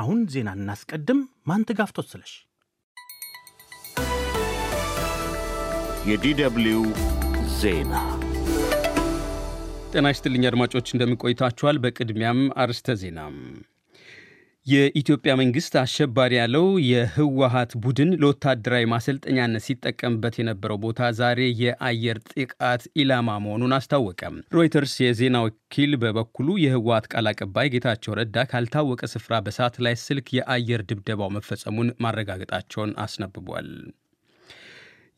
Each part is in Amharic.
አሁን ዜና እናስቀድም። ትጋፍቶት ስለሽ የዲደብልዩ ዜና ጤና ይስጥልኝ አድማጮች፣ እንደምንቆይታችኋል። በቅድሚያም አርስተ ዜና የኢትዮጵያ መንግስት አሸባሪ ያለው የህወሀት ቡድን ለወታደራዊ ማሰልጠኛነት ሲጠቀምበት የነበረው ቦታ ዛሬ የአየር ጥቃት ኢላማ መሆኑን አስታወቀም። ሮይተርስ የዜና ወኪል በበኩሉ የህወሀት ቃል አቀባይ ጌታቸው ረዳ ካልታወቀ ስፍራ ላይ ስልክ የአየር ድብደባው መፈጸሙን ማረጋገጣቸውን አስነብቧል።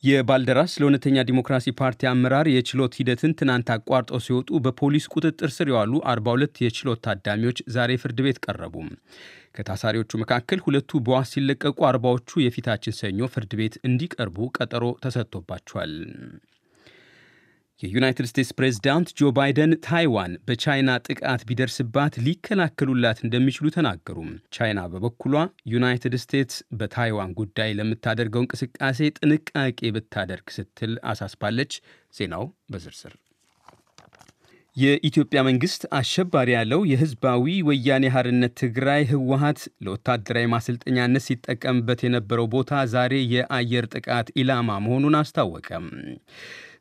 የባልደራስ ለእውነተኛ ዲሞክራሲ ፓርቲ አመራር የችሎት ሂደትን ትናንት አቋርጠው ሲወጡ በፖሊስ ቁጥጥር ስር የዋሉ 42 የችሎት ታዳሚዎች ዛሬ ፍርድ ቤት ቀረቡ። ከታሳሪዎቹ መካከል ሁለቱ በዋስ ሲለቀቁ፣ አርባዎቹ የፊታችን ሰኞ ፍርድ ቤት እንዲቀርቡ ቀጠሮ ተሰጥቶባቸዋል። የዩናይትድ ስቴትስ ፕሬዝዳንት ጆ ባይደን ታይዋን በቻይና ጥቃት ቢደርስባት ሊከላከሉላት እንደሚችሉ ተናገሩ። ቻይና በበኩሏ ዩናይትድ ስቴትስ በታይዋን ጉዳይ ለምታደርገው እንቅስቃሴ ጥንቃቄ ብታደርግ ስትል አሳስባለች። ዜናው በዝርዝር የኢትዮጵያ መንግስት አሸባሪ ያለው የህዝባዊ ወያኔ ሀርነት ትግራይ ህወሀት ለወታደራዊ ማሰልጠኛነት ሲጠቀምበት የነበረው ቦታ ዛሬ የአየር ጥቃት ኢላማ መሆኑን አስታወቀም።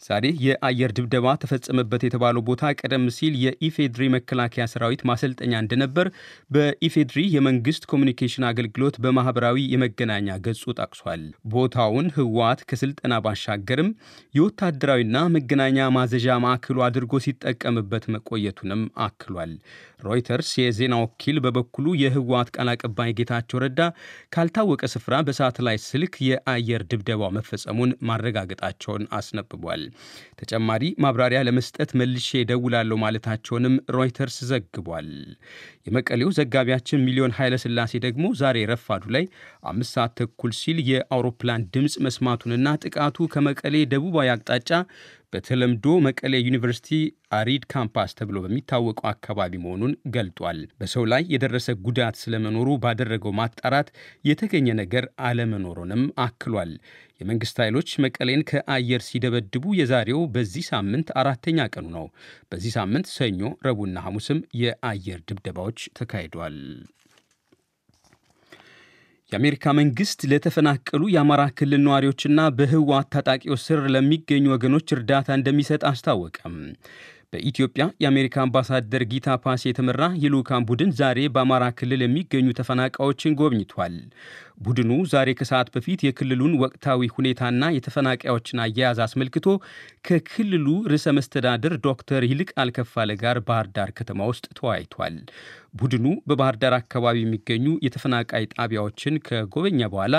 ዛሬ የአየር ድብደባ ተፈጸመበት የተባለው ቦታ ቀደም ሲል የኢፌድሪ መከላከያ ሰራዊት ማሰልጠኛ እንደነበር በኢፌድሪ የመንግስት ኮሚኒኬሽን አገልግሎት በማህበራዊ የመገናኛ ገጹ ጠቅሷል። ቦታውን ህወሓት ከስልጠና ባሻገርም የወታደራዊና መገናኛ ማዘዣ ማዕከሉ አድርጎ ሲጠቀምበት መቆየቱንም አክሏል። ሮይተርስ የዜና ወኪል በበኩሉ የህወሓት ቃል አቀባይ ጌታቸው ረዳ ካልታወቀ ስፍራ በሳተላይት ስልክ የአየር ድብደባው መፈጸሙን ማረጋገጣቸውን አስነብቧል። ተጨማሪ ማብራሪያ ለመስጠት መልሼ ደውላለሁ ማለታቸውንም ሮይተርስ ዘግቧል። የመቀሌው ዘጋቢያችን ሚሊዮን ኃይለስላሴ ደግሞ ዛሬ ረፋዱ ላይ አምስት ሰዓት ተኩል ሲል የአውሮፕላን ድምፅ መስማቱንና ጥቃቱ ከመቀሌ ደቡባዊ አቅጣጫ በተለምዶ መቀሌ ዩኒቨርሲቲ አሪድ ካምፓስ ተብሎ በሚታወቀው አካባቢ መሆኑን ገልጧል። በሰው ላይ የደረሰ ጉዳት ስለመኖሩ ባደረገው ማጣራት የተገኘ ነገር አለመኖሩንም አክሏል። የመንግስት ኃይሎች መቀሌን ከአየር ሲደበድቡ የዛሬው በዚህ ሳምንት አራተኛ ቀኑ ነው። በዚህ ሳምንት ሰኞ፣ ረቡዕና ሐሙስም የአየር ድብደባዎች ተካሂደዋል። የአሜሪካ መንግስት ለተፈናቀሉ የአማራ ክልል ነዋሪዎችና በህወሓት ታጣቂዎች ስር ለሚገኙ ወገኖች እርዳታ እንደሚሰጥ አስታወቀም። በኢትዮጵያ የአሜሪካ አምባሳደር ጊታ ፓስ የተመራ የልዑካን ቡድን ዛሬ በአማራ ክልል የሚገኙ ተፈናቃዮችን ጎብኝቷል። ቡድኑ ዛሬ ከሰዓት በፊት የክልሉን ወቅታዊ ሁኔታና የተፈናቃዮችን አያያዝ አስመልክቶ ከክልሉ ርዕሰ መስተዳድር ዶክተር ይልቃል ከፋለ ጋር ባህር ዳር ከተማ ውስጥ ተወያይቷል። ቡድኑ በባህር ዳር አካባቢ የሚገኙ የተፈናቃይ ጣቢያዎችን ከጎበኛ በኋላ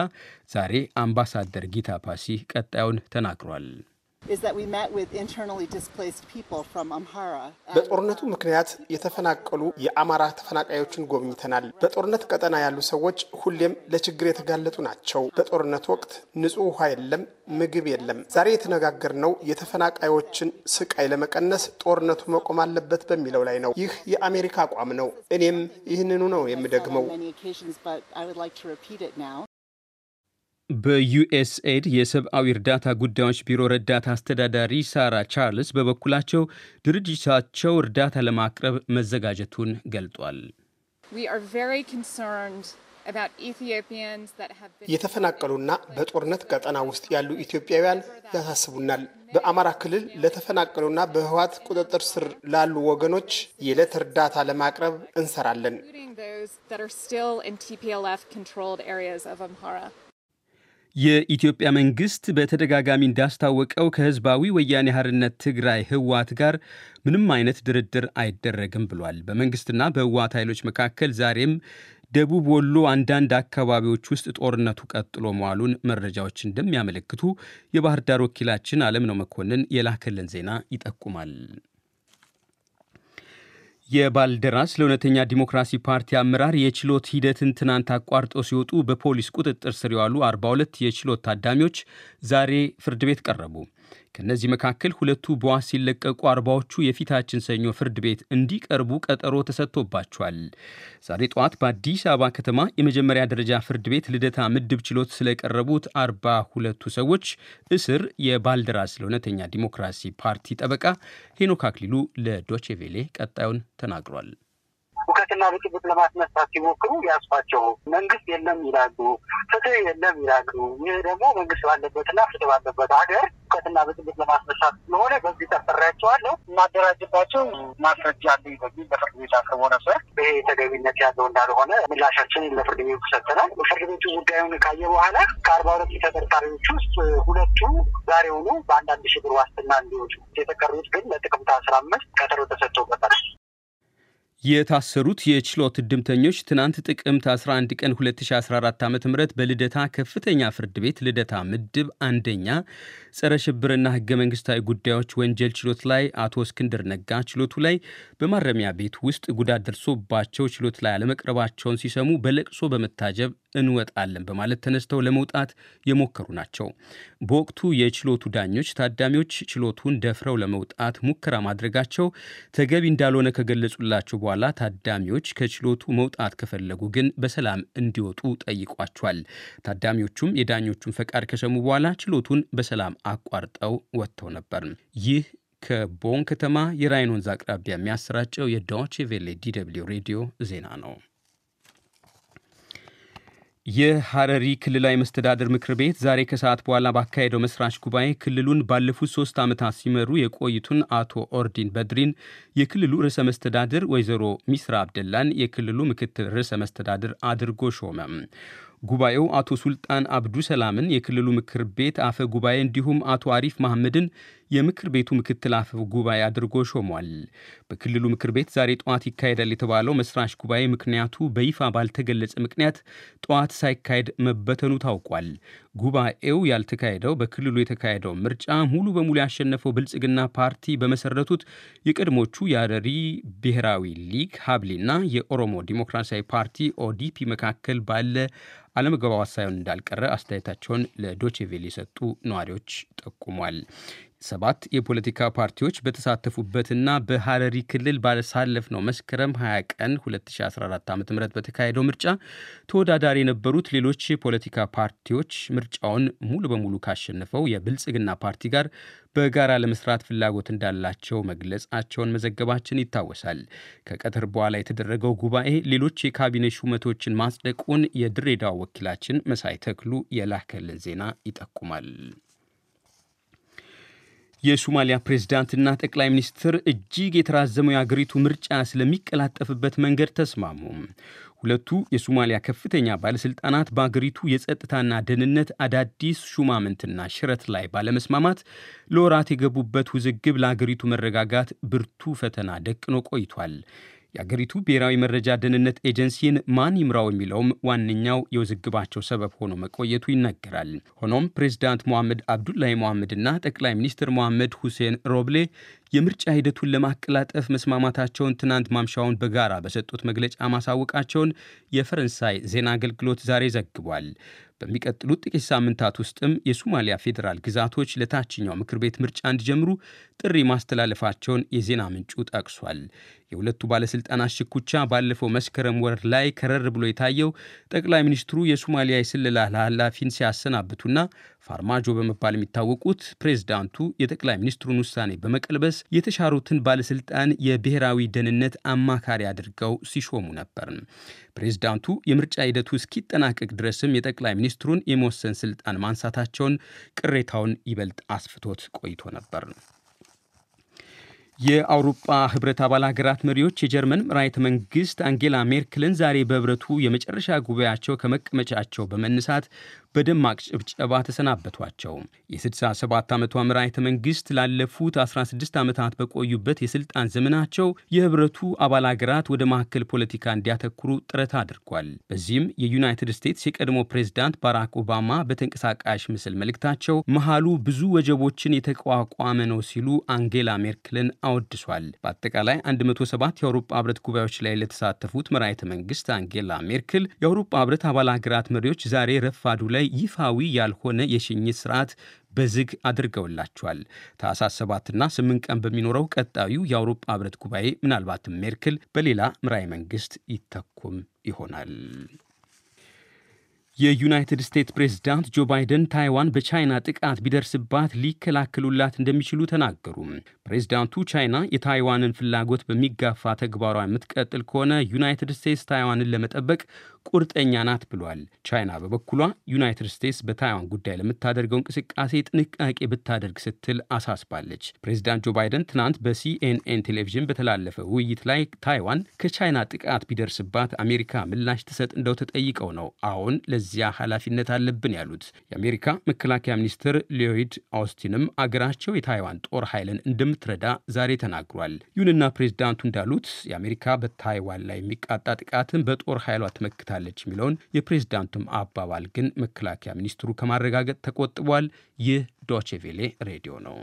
ዛሬ አምባሳደር ጊታ ፓሲ ቀጣዩን ተናግሯል። በጦርነቱ uh, ምክንያት የተፈናቀሉ የአማራ ተፈናቃዮችን ጎብኝተናል። በጦርነት ቀጠና ያሉ ሰዎች ሁሌም ለችግር የተጋለጡ ናቸው። በጦርነት ወቅት ንጹህ ውሃ የለም፣ ምግብ የለም። ዛሬ የተነጋገርነው የተፈናቃዮችን ስቃይ ለመቀነስ ጦርነቱ መቆም አለበት በሚለው ላይ ነው። ይህ የአሜሪካ አቋም ነው። እኔም ይህንኑ ነው የምደግመው። በዩኤስኤድ የሰብአዊ እርዳታ ጉዳዮች ቢሮ ረዳት አስተዳዳሪ ሳራ ቻርልስ በበኩላቸው ድርጅታቸው እርዳታ ለማቅረብ መዘጋጀቱን ገልጧል። የተፈናቀሉና በጦርነት ቀጠና ውስጥ ያሉ ኢትዮጵያውያን ያሳስቡናል። በአማራ ክልል ለተፈናቀሉና በህወሓት ቁጥጥር ስር ላሉ ወገኖች የዕለት እርዳታ ለማቅረብ እንሰራለን። የኢትዮጵያ መንግስት በተደጋጋሚ እንዳስታወቀው ከህዝባዊ ወያኔ ሀርነት ትግራይ ህወሓት ጋር ምንም አይነት ድርድር አይደረግም ብሏል። በመንግስትና በህወሓት ኃይሎች መካከል ዛሬም ደቡብ ወሎ አንዳንድ አካባቢዎች ውስጥ ጦርነቱ ቀጥሎ መዋሉን መረጃዎች እንደሚያመለክቱ የባህር ዳር ወኪላችን አለም ነው መኮንን የላከልን ዜና ይጠቁማል። የባልደራስ ለእውነተኛ ዲሞክራሲ ፓርቲ አመራር የችሎት ሂደትን ትናንት አቋርጦ ሲወጡ በፖሊስ ቁጥጥር ስር የዋሉ 42 የችሎት ታዳሚዎች ዛሬ ፍርድ ቤት ቀረቡ። ከእነዚህ መካከል ሁለቱ በዋስ ሲለቀቁ አርባዎቹ የፊታችን ሰኞ ፍርድ ቤት እንዲቀርቡ ቀጠሮ ተሰጥቶባቸዋል። ዛሬ ጠዋት በአዲስ አበባ ከተማ የመጀመሪያ ደረጃ ፍርድ ቤት ልደታ ምድብ ችሎት ስለቀረቡት አርባ ሁለቱ ሰዎች እስር የባልደራስ ለእውነተኛ ዲሞክራሲ ፓርቲ ጠበቃ ሄኖክ አክሊሉ ለዶቼ ቬሌ ቀጣዩን ተናግሯል። ሁከትና ብጥብጥ ለማስነሳት ሲሞክሩ ያስፋቸው መንግስት የለም ይላሉ፣ ፍትህ የለም ይላሉ። ይህ ደግሞ መንግስት ባለበትና ፍትህ ባለበት ሀገር በውሸትና በጥልት ለማስመሻት ስለሆነ በዚህ ጠርጥሬያቸዋለሁ። የማደራጅባቸው ማስረጃ አለኝ በሚል ለፍርድ ቤት አቅርቦ ነበር። ይሄ ተገቢነት ያለው እንዳልሆነ ምላሻችን ለፍርድ ቤቱ ሰጥተናል። ፍርድ ቤቱ ጉዳዩን ካየ በኋላ ከአርባ ሁለት ተጠርጣሪዎች ውስጥ ሁለቱ ዛሬውኑ በአንዳንድ ሺህ ብር ዋስትና እንዲወጡ የተቀሩት ግን ለጥቅምት አስራ አምስት ቀጠሮ ተሰጥቶበታል። የታሰሩት የችሎት እድምተኞች ትናንት ጥቅምት 11 ቀን 2014 ዓ ም በልደታ ከፍተኛ ፍርድ ቤት ልደታ ምድብ አንደኛ ጸረ ሽብርና ህገ መንግስታዊ ጉዳዮች ወንጀል ችሎት ላይ አቶ እስክንድር ነጋ ችሎቱ ላይ በማረሚያ ቤት ውስጥ ጉዳት ደርሶባቸው ችሎት ላይ አለመቅረባቸውን ሲሰሙ በለቅሶ በመታጀብ እንወጣለን በማለት ተነስተው ለመውጣት የሞከሩ ናቸው። በወቅቱ የችሎቱ ዳኞች ታዳሚዎች ችሎቱን ደፍረው ለመውጣት ሙከራ ማድረጋቸው ተገቢ እንዳልሆነ ከገለጹላቸው በኋላ ታዳሚዎች ከችሎቱ መውጣት ከፈለጉ ግን በሰላም እንዲወጡ ጠይቋቸዋል። ታዳሚዎቹም የዳኞቹን ፈቃድ ከሰሙ በኋላ ችሎቱን በሰላም አቋርጠው ወጥተው ነበር። ይህ ከቦን ከተማ የራይን ወንዝ አቅራቢያ የሚያሰራጨው የዶቼ ቬሌ ዲ ሬዲዮ ዜና ነው። የሐረሪ ክልላዊ መስተዳድር ምክር ቤት ዛሬ ከሰዓት በኋላ ባካሄደው መስራች ጉባኤ ክልሉን ባለፉት ሶስት ዓመታት ሲመሩ የቆይቱን አቶ ኦርዲን በድሪን የክልሉ ርዕሰ መስተዳድር፣ ወይዘሮ ሚስራ አብደላን የክልሉ ምክትል ርዕሰ መስተዳድር አድርጎ ሾመ። ጉባኤው አቶ ሱልጣን አብዱ ሰላምን የክልሉ ምክር ቤት አፈ ጉባኤ እንዲሁም አቶ አሪፍ መሐመድን የምክር ቤቱ ምክትል አፈ ጉባኤ አድርጎ ሾሟል። በክልሉ ምክር ቤት ዛሬ ጠዋት ይካሄዳል የተባለው መስራች ጉባኤ ምክንያቱ በይፋ ባልተገለጸ ምክንያት ጠዋት ሳይካሄድ መበተኑ ታውቋል። ጉባኤው ያልተካሄደው በክልሉ የተካሄደው ምርጫ ሙሉ በሙሉ ያሸነፈው ብልጽግና ፓርቲ በመሰረቱት የቀድሞቹ የአረሪ ብሔራዊ ሊግ ሀብሊና የኦሮሞ ዲሞክራሲያዊ ፓርቲ ኦዲፒ መካከል ባለ አለመግባባት ሳይሆን እንዳልቀረ አስተያየታቸውን ለዶቼቬል የሰጡ ነዋሪዎች ጠቁሟል። ሰባት የፖለቲካ ፓርቲዎች በተሳተፉበትና በሐረሪ ክልል ነው። መስከረም 20 ቀን 2014 ዓ ም በተካሄደው ምርጫ ተወዳዳሪ የነበሩት ሌሎች የፖለቲካ ፓርቲዎች ምርጫውን ሙሉ በሙሉ ካሸነፈው የብልጽግና ፓርቲ ጋር በጋራ ለመስራት ፍላጎት እንዳላቸው መግለጻቸውን መዘገባችን ይታወሳል። ከቀትር በኋላ የተደረገው ጉባኤ ሌሎች የካቢኔ ሹመቶችን ማጽደቁን የድሬዳዋ ወኪላችን መሳይ ተክሉ የላከልን ዜና ይጠቁማል። የሱማሊያ ፕሬዝዳንትና ጠቅላይ ሚኒስትር እጅግ የተራዘመው የአገሪቱ ምርጫ ስለሚቀላጠፍበት መንገድ ተስማሙ። ሁለቱ የሱማሊያ ከፍተኛ ባለሥልጣናት በአገሪቱ የጸጥታና ደህንነት አዳዲስ ሹማምንትና ሽረት ላይ ባለመስማማት ለወራት የገቡበት ውዝግብ ለአገሪቱ መረጋጋት ብርቱ ፈተና ደቅኖ ቆይቷል። የአገሪቱ ብሔራዊ መረጃ ደህንነት ኤጀንሲን ማን ይምራው የሚለውም ዋነኛው የውዝግባቸው ሰበብ ሆኖ መቆየቱ ይነገራል። ሆኖም ፕሬዚዳንት ሞሐመድ አብዱላሂ እና ጠቅላይ ሚኒስትር ሞሐመድ ሁሴን ሮብሌ የምርጫ ሂደቱን ለማቀላጠፍ መስማማታቸውን ትናንት ማምሻውን በጋራ በሰጡት መግለጫ ማሳወቃቸውን የፈረንሳይ ዜና አገልግሎት ዛሬ ዘግቧል። በሚቀጥሉት ጥቂት ሳምንታት ውስጥም የሶማሊያ ፌዴራል ግዛቶች ለታችኛው ምክር ቤት ምርጫ እንዲጀምሩ ጥሪ ማስተላለፋቸውን የዜና ምንጩ ጠቅሷል። የሁለቱ ባለስልጣናት ሽኩቻ ባለፈው መስከረም ወር ላይ ከረር ብሎ የታየው ጠቅላይ ሚኒስትሩ የሶማሊያ የስለላ ኃላፊን ሲያሰናብቱና ፋርማጆ በመባል የሚታወቁት ፕሬዝዳንቱ የጠቅላይ ሚኒስትሩን ውሳኔ በመቀልበስ ዮሐንስ የተሻሩትን ባለስልጣን የብሔራዊ ደህንነት አማካሪ አድርገው ሲሾሙ ነበር። ፕሬዝዳንቱ የምርጫ ሂደቱ እስኪጠናቀቅ ድረስም የጠቅላይ ሚኒስትሩን የመወሰን ስልጣን ማንሳታቸውን ቅሬታውን ይበልጥ አስፍቶት ቆይቶ ነበር። የአውሮፓ ህብረት አባል ሀገራት መሪዎች የጀርመን መራሒተ መንግስት አንጌላ ሜርክልን ዛሬ በህብረቱ የመጨረሻ ጉባኤያቸው ከመቀመጫቸው በመነሳት በደማቅ ጭብጨባ ተሰናበቷቸው። የ67 ዓመቷ መራሒተ መንግሥት ላለፉት 16 ዓመታት በቆዩበት የሥልጣን ዘመናቸው የህብረቱ አባል አገራት ወደ ማዕከል ፖለቲካ እንዲያተኩሩ ጥረት አድርጓል። በዚህም የዩናይትድ ስቴትስ የቀድሞ ፕሬዝዳንት ባራክ ኦባማ በተንቀሳቃሽ ምስል መልእክታቸው መሃሉ ብዙ ወጀቦችን የተቋቋመ ነው ሲሉ አንጌላ ሜርክልን አወድሷል። በአጠቃላይ 107 የአውሮፓ ህብረት ጉባኤዎች ላይ ለተሳተፉት መራሒተ መንግሥት አንጌላ ሜርክል የአውሮፓ ህብረት አባል አገራት መሪዎች ዛሬ ረፋዱ ላይ ላይ ይፋዊ ያልሆነ የሽኝት ስርዓት በዝግ አድርገውላቸዋል። ታህሳስ 7ና 8 ቀን በሚኖረው ቀጣዩ የአውሮፓ ህብረት ጉባኤ ምናልባትም ሜርክል በሌላ ምራይ መንግስት ይተኩም ይሆናል። የዩናይትድ ስቴትስ ፕሬዝዳንት ጆ ባይደን ታይዋን በቻይና ጥቃት ቢደርስባት ሊከላከሉላት እንደሚችሉ ተናገሩ። ፕሬዝዳንቱ ቻይና የታይዋንን ፍላጎት በሚጋፋ ተግባሯ የምትቀጥል ከሆነ ዩናይትድ ስቴትስ ታይዋንን ለመጠበቅ ቁርጠኛ ናት ብሏል። ቻይና በበኩሏ ዩናይትድ ስቴትስ በታይዋን ጉዳይ ለምታደርገው እንቅስቃሴ ጥንቃቄ ብታደርግ ስትል አሳስባለች። ፕሬዚዳንት ጆ ባይደን ትናንት በሲኤንኤን ቴሌቪዥን በተላለፈ ውይይት ላይ ታይዋን ከቻይና ጥቃት ቢደርስባት አሜሪካ ምላሽ ትሰጥ እንደው ተጠይቀው ነው አሁን ለዚያ ኃላፊነት አለብን ያሉት። የአሜሪካ መከላከያ ሚኒስትር ሎይድ አውስቲንም አገራቸው የታይዋን ጦር ኃይልን እንደምትረዳ ዛሬ ተናግሯል። ይሁንና ፕሬዚዳንቱ እንዳሉት የአሜሪካ በታይዋን ላይ የሚቃጣ ጥቃትን በጦር ኃይሏ ትመክታል አድርጋለች የሚለውን የፕሬዝዳንቱም አባባል ግን መከላከያ ሚኒስትሩ ከማረጋገጥ ተቆጥቧል። ይህ ዶቼቬሌ ሬዲዮ ነው።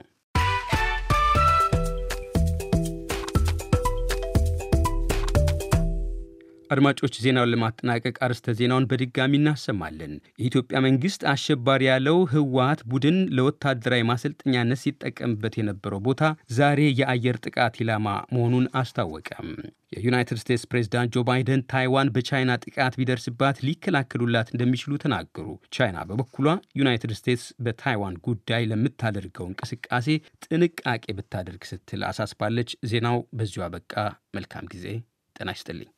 አድማጮች ዜናውን ለማጠናቀቅ አርስተ ዜናውን በድጋሚ እናሰማለን። የኢትዮጵያ መንግስት አሸባሪ ያለው ህወሀት ቡድን ለወታደራዊ ማሰልጠኛነት ሲጠቀምበት የነበረው ቦታ ዛሬ የአየር ጥቃት ኢላማ መሆኑን አስታወቀም። የዩናይትድ ስቴትስ ፕሬዝዳንት ጆ ባይደን ታይዋን በቻይና ጥቃት ቢደርስባት ሊከላከሉላት እንደሚችሉ ተናገሩ። ቻይና በበኩሏ ዩናይትድ ስቴትስ በታይዋን ጉዳይ ለምታደርገው እንቅስቃሴ ጥንቃቄ ብታደርግ ስትል አሳስባለች። ዜናው በዚሁ አበቃ። መልካም ጊዜ። ጤና ይስጥልኝ።